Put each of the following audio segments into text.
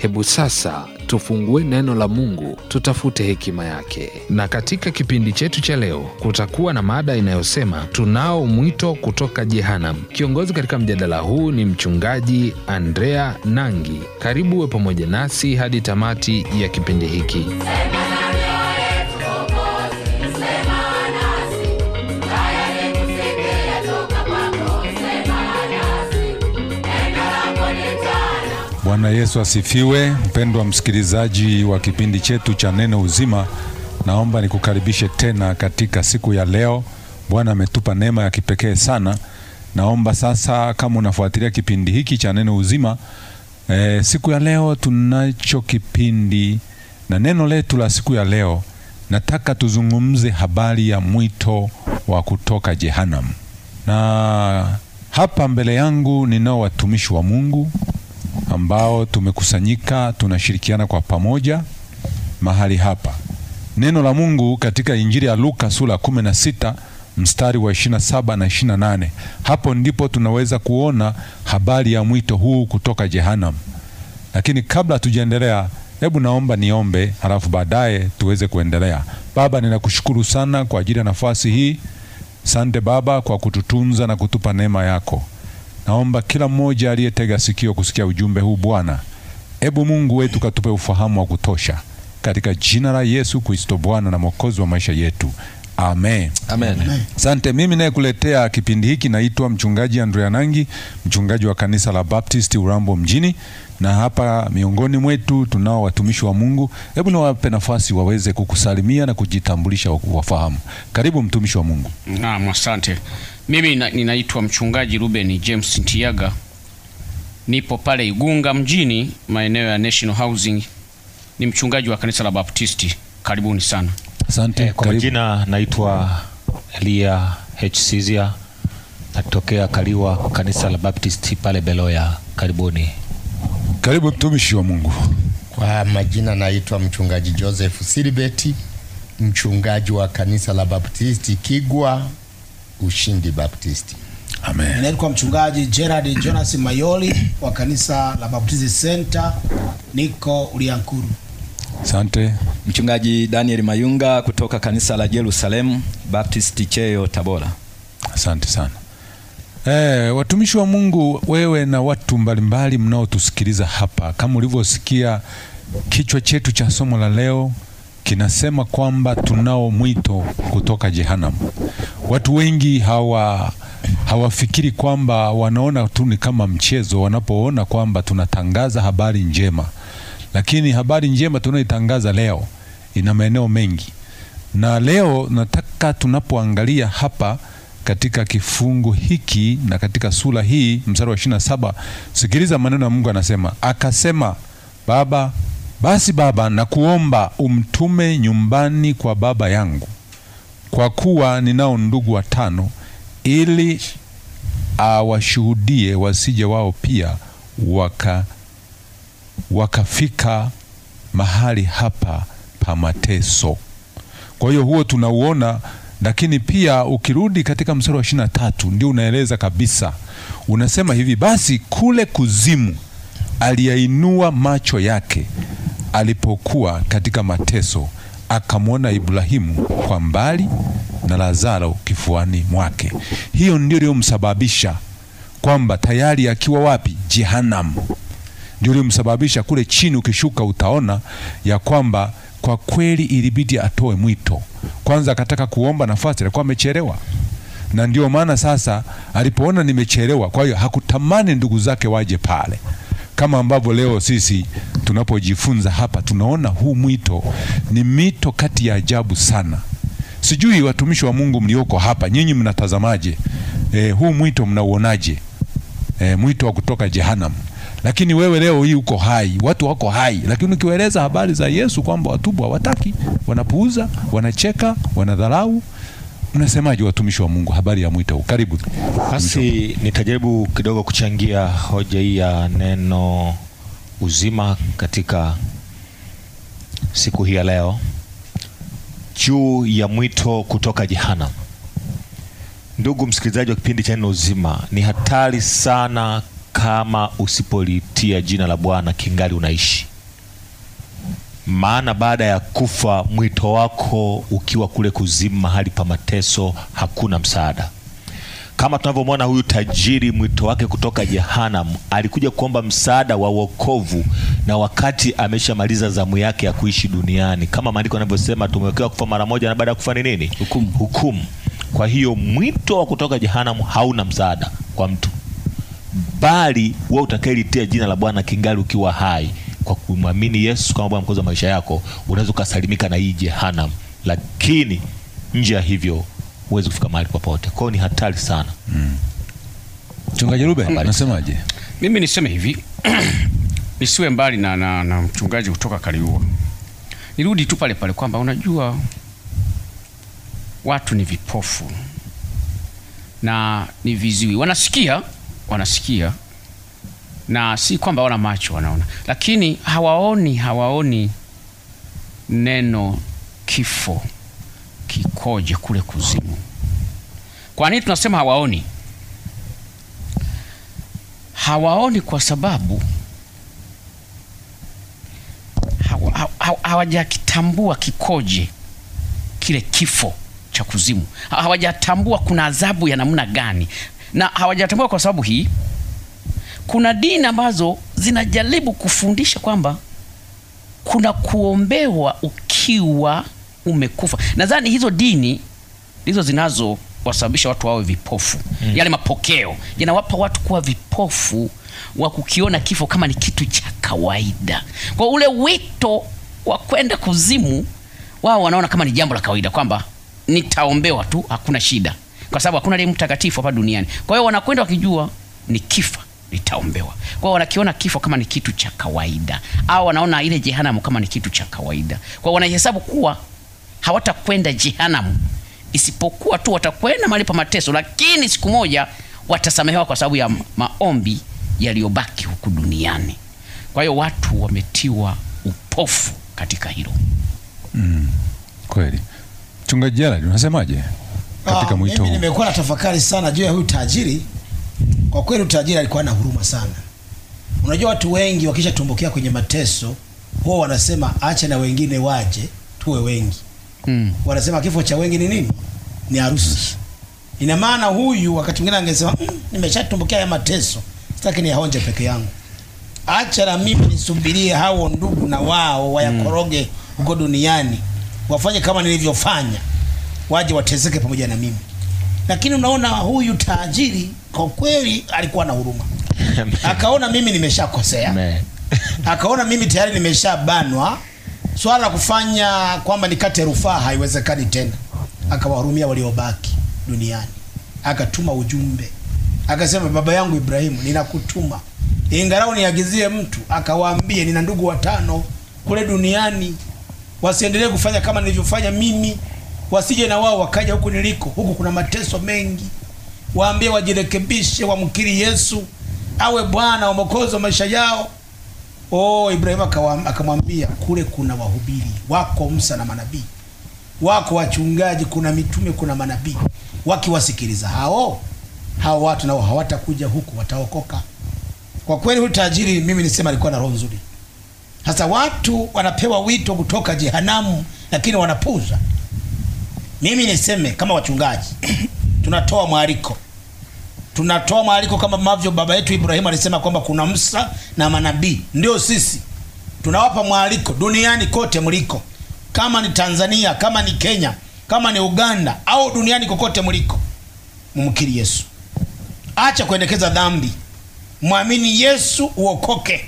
Hebu sasa tufungue neno la Mungu, tutafute hekima yake. Na katika kipindi chetu cha leo kutakuwa na mada inayosema tunao mwito kutoka Jehanam. Kiongozi katika mjadala huu ni mchungaji Andrea Nangi. Karibu uwe pamoja nasi hadi tamati ya kipindi hiki. Bwana Yesu asifiwe. Mpendwa msikilizaji wa kipindi chetu cha Neno Uzima, naomba nikukaribishe tena katika siku ya leo. Bwana ametupa neema ya kipekee sana. Naomba sasa, kama unafuatilia kipindi hiki cha Neno Uzima, e, siku ya leo tunacho kipindi na neno letu la siku ya leo, nataka tuzungumze habari ya mwito wa kutoka jehanamu, na hapa mbele yangu ninao watumishi wa Mungu ambao tumekusanyika tunashirikiana kwa pamoja mahali hapa. Neno la Mungu katika Injili ya Luka sura sita mstari wa 27 na 28. Hapo ndipo tunaweza kuona habari ya mwito huu kutoka jehanam Lakini kabla tujaendelea, hebu naomba niombe, halafu baadaye tuweze kuendelea. Baba, ninakushukuru sana kwa ajili ya nafasi hii. Sante Baba kwa kututunza na kutupa neema yako. Naomba kila mmoja aliyetega sikio kusikia ujumbe huu Bwana, ebu Mungu wetu katupe ufahamu wa kutosha katika jina la Yesu Kristo Bwana na Mwokozi wa maisha yetu. Amen. Amen. Amen. Mimi nayekuletea kipindi hiki naitwa Mchungaji Andrea Nangi, mchungaji wa kanisa la Baptisti Urambo mjini, na hapa miongoni mwetu tunao watumishi wa Mungu. Hebu niwape nafasi waweze kukusalimia na kujitambulisha wafahamu. Karibu mtumishi wa Mungu. Naam, asante. Mimi ninaitwa Mchungaji Ruben James Ntiaga, nipo pale Igunga mjini, maeneo ya National Housing, ni mchungaji wa kanisa la Baptisti. Karibuni sana. Asante. Eh, kwa jina naitwa Elia H. natokea Kaliwa, kanisa la Baptist pale Beloya. Karibuni. Karibu mtumishi wa Mungu. Kwa majina naitwa mchungaji Joseph Silibeti, mchungaji wa kanisa la Baptisti Kigwa Ushindi Baptisti. Amen. Naitwa mchungaji Gerard Jonas Mayoli wa kanisa la Baptisti Center, niko Uliankuru. Asante. Mchungaji Daniel Mayunga kutoka kanisa la Jerusalem Baptist Cheyo Tabora. Asante sana. E, watumishi wa Mungu, wewe na watu mbalimbali mnaotusikiliza hapa, kama ulivyosikia kichwa chetu cha somo la leo kinasema kwamba tunao mwito kutoka jehanamu. Watu wengi hawa hawafikiri kwamba wanaona tu ni kama mchezo, wanapoona kwamba tunatangaza habari njema. Lakini habari njema tunayoitangaza leo ina maeneo mengi, na leo nataka tunapoangalia hapa katika kifungu hiki na katika sura hii mstari wa saba sikiliza maneno ya Mungu anasema, akasema, Baba, basi Baba, nakuomba umtume nyumbani kwa baba yangu, kwa kuwa ninao ndugu watano, ili awashuhudie wasije wao pia waka wakafika mahali hapa pa mateso. Kwa hiyo huo tunauona, lakini pia ukirudi katika mstari wa ishirini na tatu ndio unaeleza kabisa, unasema hivi: basi kule kuzimu aliyainua macho yake alipokuwa katika mateso akamwona Ibrahimu kwa mbali na Lazaro kifuani mwake. Hiyo ndio iliyomsababisha kwamba tayari akiwa wapi? Jehanamu. Ndio iliyomsababisha kule chini, ukishuka utaona ya kwamba kwa kweli ilibidi atoe mwito kwanza, akataka kuomba nafasi, alikuwa amechelewa na ndio maana sasa alipoona nimechelewa, kwa hiyo hakutamani ndugu zake waje pale kama ambavyo leo sisi tunapojifunza hapa tunaona huu mwito ni mito kati ya ajabu sana. Sijui watumishi wa Mungu mlioko hapa nyinyi mnatazamaje? E, huu mwito mnauonaje? E, mwito wa kutoka jehanamu. Lakini wewe leo hii uko hai, watu wako hai, lakini ukiwaeleza habari za Yesu kwamba watubu hawataki, wanapuuza, wanacheka, wanadharau. Unasemaje watumishi wa Mungu, habari ya mwito Karibu basi. Nitajaribu kidogo kuchangia hoja hii ya neno uzima katika siku hii ya leo juu ya mwito kutoka jehanamu. Ndugu msikilizaji wa kipindi cha neno uzima, ni hatari sana kama usipolitia jina la Bwana kingali unaishi maana baada ya kufa mwito wako ukiwa kule kuzimu, mahali pa mateso, hakuna msaada. Kama tunavyomwona huyu tajiri, mwito wake kutoka jehanamu, alikuja kuomba msaada wa wokovu, na wakati ameshamaliza zamu yake ya kuishi duniani, kama maandiko yanavyosema, tumewekewa kufa mara moja, na baada ya kufa ni nini? Hukumu, hukumu. Kwa hiyo mwito wa kutoka jehanamu hauna msaada kwa mtu, bali wewe utakayelitia jina la Bwana kingali ukiwa hai kwa kumwamini Yesu kama Bwana mkozi wa maisha yako, unaweza ukasalimika na hii jehanamu, lakini nje ya hivyo huwezi kufika mahali popote. Kwao ni hatari sana. Mm. Mchungaji Rube, unasemaje? Mimi niseme hivi nisiwe mbali na, na, na mchungaji kutoka Kaliua, nirudi tu pale pale kwamba unajua watu ni vipofu na ni viziwi, wanasikia wanasikia na si kwamba wana macho wanaona, lakini hawaoni, hawaoni neno kifo kikoje kule kuzimu. Kwa nini tunasema hawaoni? Hawaoni kwa sababu hawajakitambua kikoje kile kifo cha kuzimu, hawajatambua kuna adhabu ya namna gani, na hawajatambua kwa sababu hii kuna dini ambazo zinajaribu kufundisha kwamba kuna kuombewa ukiwa umekufa. Nadhani hizo dini ndizo zinazowasababisha watu wawe vipofu hmm. Yale yaani mapokeo yanawapa watu kuwa vipofu wa kukiona kifo kama ni kitu cha kawaida, kwa ule wito wa kwenda kuzimu wao wanaona kama ni jambo la kawaida, kwamba nitaombewa tu, hakuna shida, kwa sababu hakuna aliye mtakatifu hapa duniani. Kwa hiyo wanakwenda wakijua ni kifa nitaombewa. Kwao wanakiona kifo kama ni kitu cha kawaida, au wanaona ile jehanamu kama ni kitu cha kawaida. Kwao wanahesabu kuwa hawatakwenda jehanamu, isipokuwa tu watakwenda mahali pa mateso, lakini siku moja watasamehewa kwa sababu ya maombi yaliyobaki huku duniani. Kwa hiyo watu wametiwa upofu katika hilo. Mm, kweli. Mchungaji Gerald, unasemaje katika ah, mwito Mimi Nimekuwa na tafakari sana juu ya huyu tajiri kwa kweli utajiri alikuwa na huruma sana. Unajua watu wengi wakishatumbukia kwenye mateso huwa wanasema acha na wengine waje tuwe wengi. Mm. Wanasema kifo cha wengi ni nini? Ni harusi. Hmm. Ina maana huyu wakati mwingine angesema mmm, nimeshatumbukia haya mateso, sitaki niyaonje peke yangu. Acha na mimi nisubirie hao ndugu na wao wayakoroge hmm. huko mm. duniani, wafanye kama nilivyofanya, waje wateseke pamoja na mimi. Lakini unaona huyu tajiri kwa kweli alikuwa na huruma, akaona mimi nimeshakosea, akaona mimi tayari nimeshabanwa, swala la kufanya kwamba nikate rufaa haiwezekani tena, akawahurumia waliobaki duniani, akatuma ujumbe akasema, baba yangu Ibrahimu, ninakutuma ingarau niagizie mtu akawaambie, nina ndugu watano kule duniani, wasiendelee kufanya kama nilivyofanya mimi wasije na wao wakaja huku niliko, huku kuna mateso mengi. Waambie wajirekebishe, wamkiri Yesu awe Bwana wa Mwokozi wa maisha yao. Oh, Ibrahimu akamwambia kule kuna wahubiri wako, Musa na manabii wako, wachungaji, kuna mitume, kuna manabii. Wakiwasikiliza hao hao watu, nao hawatakuja huku, wataokoka. Kwa kweli, huyu tajiri, mimi nisema alikuwa na roho nzuri. Sasa watu wanapewa wito kutoka jehanamu, lakini wanapuza. Mimi niseme kama wachungaji tunatoa mwaliko, tunatoa mwaliko kama mavyo baba yetu Ibrahimu alisema kwamba kuna Musa na manabii. Ndio sisi tunawapa mwaliko duniani kote mliko, kama ni Tanzania, kama ni Kenya, kama ni Uganda au duniani kokote mliko, mumkiri Yesu, acha kuendekeza dhambi, mwamini Yesu uokoke.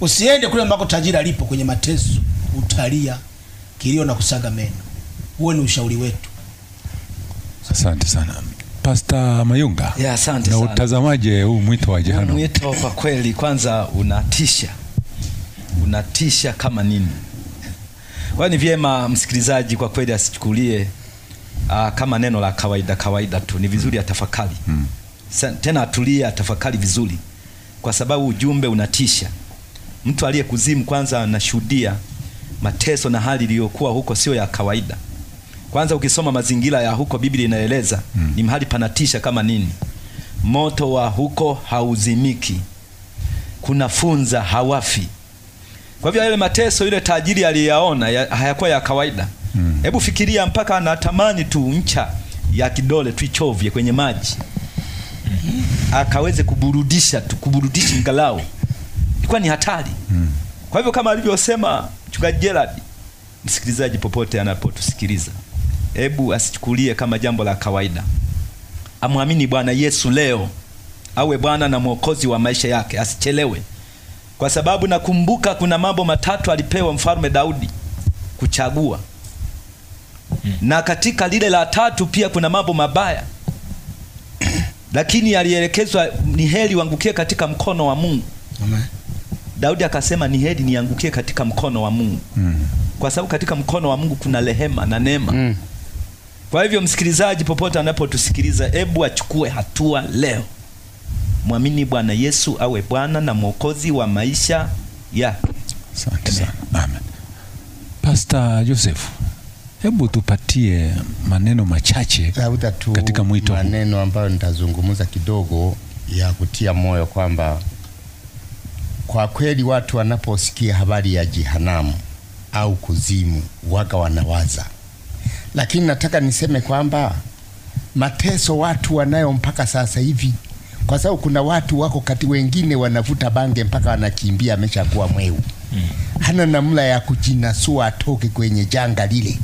Usiende kule ambako tajira lipo kwenye mateso, utalia kilio na kusaga meno. Huo ni ushauri wetu. Asante sana Pasta Mayunga. Ya, asante sana. Na utazamaje huu mwito wa jehanamu? Mwito kwa kweli kwanza unatisha, unatisha kama nini. Kwa ni vyema msikilizaji kwa kweli asichukulie uh, kama neno la kawaida kawaida tu. Ni vizuri atafakari hmm. Tena atulie atafakari vizuri, kwa sababu ujumbe unatisha. Mtu aliye kuzimu kwanza anashuhudia mateso na hali iliyokuwa huko sio ya kawaida. Kwanza ukisoma mazingira ya huko, Biblia inaeleza mm. ni mahali panatisha kama nini. Moto wa huko hauzimiki, kuna funza hawafi. Kwa hivyo yale mateso yule tajiri aliyaona ya, hayakuwa ya kawaida. Hmm. Hebu mm. fikiria, mpaka anatamani tu ncha ya kidole ichovye kwenye maji akaweze kuburudisha tu, kuburudisha ngalau ilikuwa ni hatari mm. Kwa hivyo kama alivyosema mchungaji Gerald, msikilizaji popote anapotusikiliza hebu asichukulie kama jambo la kawaida. Amwamini Bwana Yesu leo, awe Bwana na Mwokozi wa maisha yake, asichelewe, kwa sababu nakumbuka kuna mambo matatu alipewa mfalme Daudi kuchagua hmm. na katika lile la tatu pia kuna mambo mabaya lakini alielekezwa ni heri wangukie katika mkono wa Mungu. Amen. Daudi akasema ni heri niangukie katika mkono wa Mungu mm. kwa sababu katika mkono wa Mungu kuna rehema na neema mm kwa hivyo msikilizaji popote anapotusikiliza hebu achukue hatua leo mwamini bwana yesu awe bwana na mwokozi wa maisha yake asante sana amen Pastor joseph hebu tupatie maneno machache tu katika mwito maneno ambayo nitazungumza kidogo ya kutia moyo kwamba kwa kweli watu wanaposikia habari ya jihanamu au kuzimu waga wanawaza lakini nataka niseme kwamba mateso watu wanayo mpaka sasa hivi, kwa sababu kuna watu wako kati, wengine wanavuta bange mpaka wanakimbia, ameshakuwa mweu mm. hana namna ya kujinasua atoke kwenye janga lile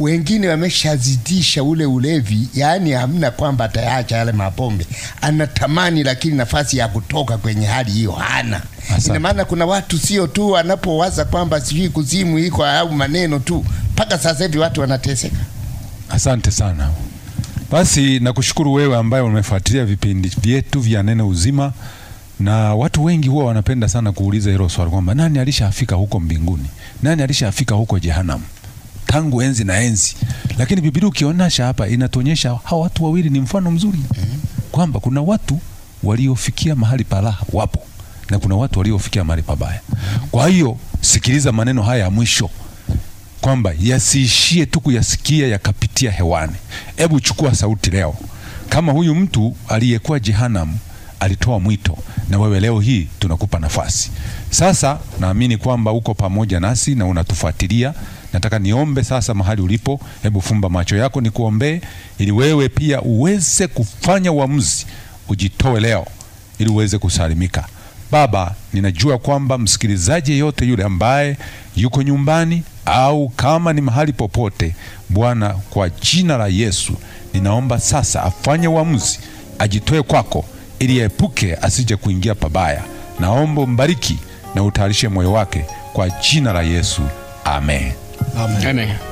wengine wameshazidisha ule ulevi, yaani hamna kwamba atayaacha yale mapombe, anatamani lakini nafasi ya kutoka kwenye hali hiyo hana. Ina maana kuna watu sio tu wanapowaza kwamba sijui kuzimu iko au maneno tu, mpaka sasa hivi watu wanateseka. Asante sana. Basi nakushukuru wewe ambaye umefuatilia vipindi vyetu vya Neno Uzima, na watu wengi huwa wanapenda sana kuuliza hilo swali kwamba nani alishafika huko mbinguni, nani alishafika huko jehanamu? tangu enzi na enzi, lakini Biblia ukionyesha hapa inatuonyesha hawa watu wawili ni mfano mzuri mm -hmm. kwamba kuna watu waliofikia mahali pa wapo na kuna watu waliofikia mahali pabaya. Kwa hiyo sikiliza maneno haya ya mwisho kwamba yasiishie tu kuyasikia yakapitia hewani. Hebu chukua sauti leo, kama huyu mtu aliyekuwa jehanamu alitoa mwito, na wewe leo hii tunakupa nafasi. Sasa naamini kwamba uko pamoja nasi na unatufuatilia. Nataka niombe sasa mahali ulipo, hebu fumba macho yako nikuombee, ili wewe pia uweze kufanya uamuzi, ujitoe leo ili uweze kusalimika. Baba, ninajua kwamba msikilizaji yeyote yule ambaye yuko nyumbani au kama ni mahali popote, Bwana, kwa jina la Yesu ninaomba sasa afanye uamuzi, ajitoe kwako, ili aepuke asije kuingia pabaya. Naomba mbariki na utayarishe moyo wake kwa jina la Yesu, amen. Amen. Amen.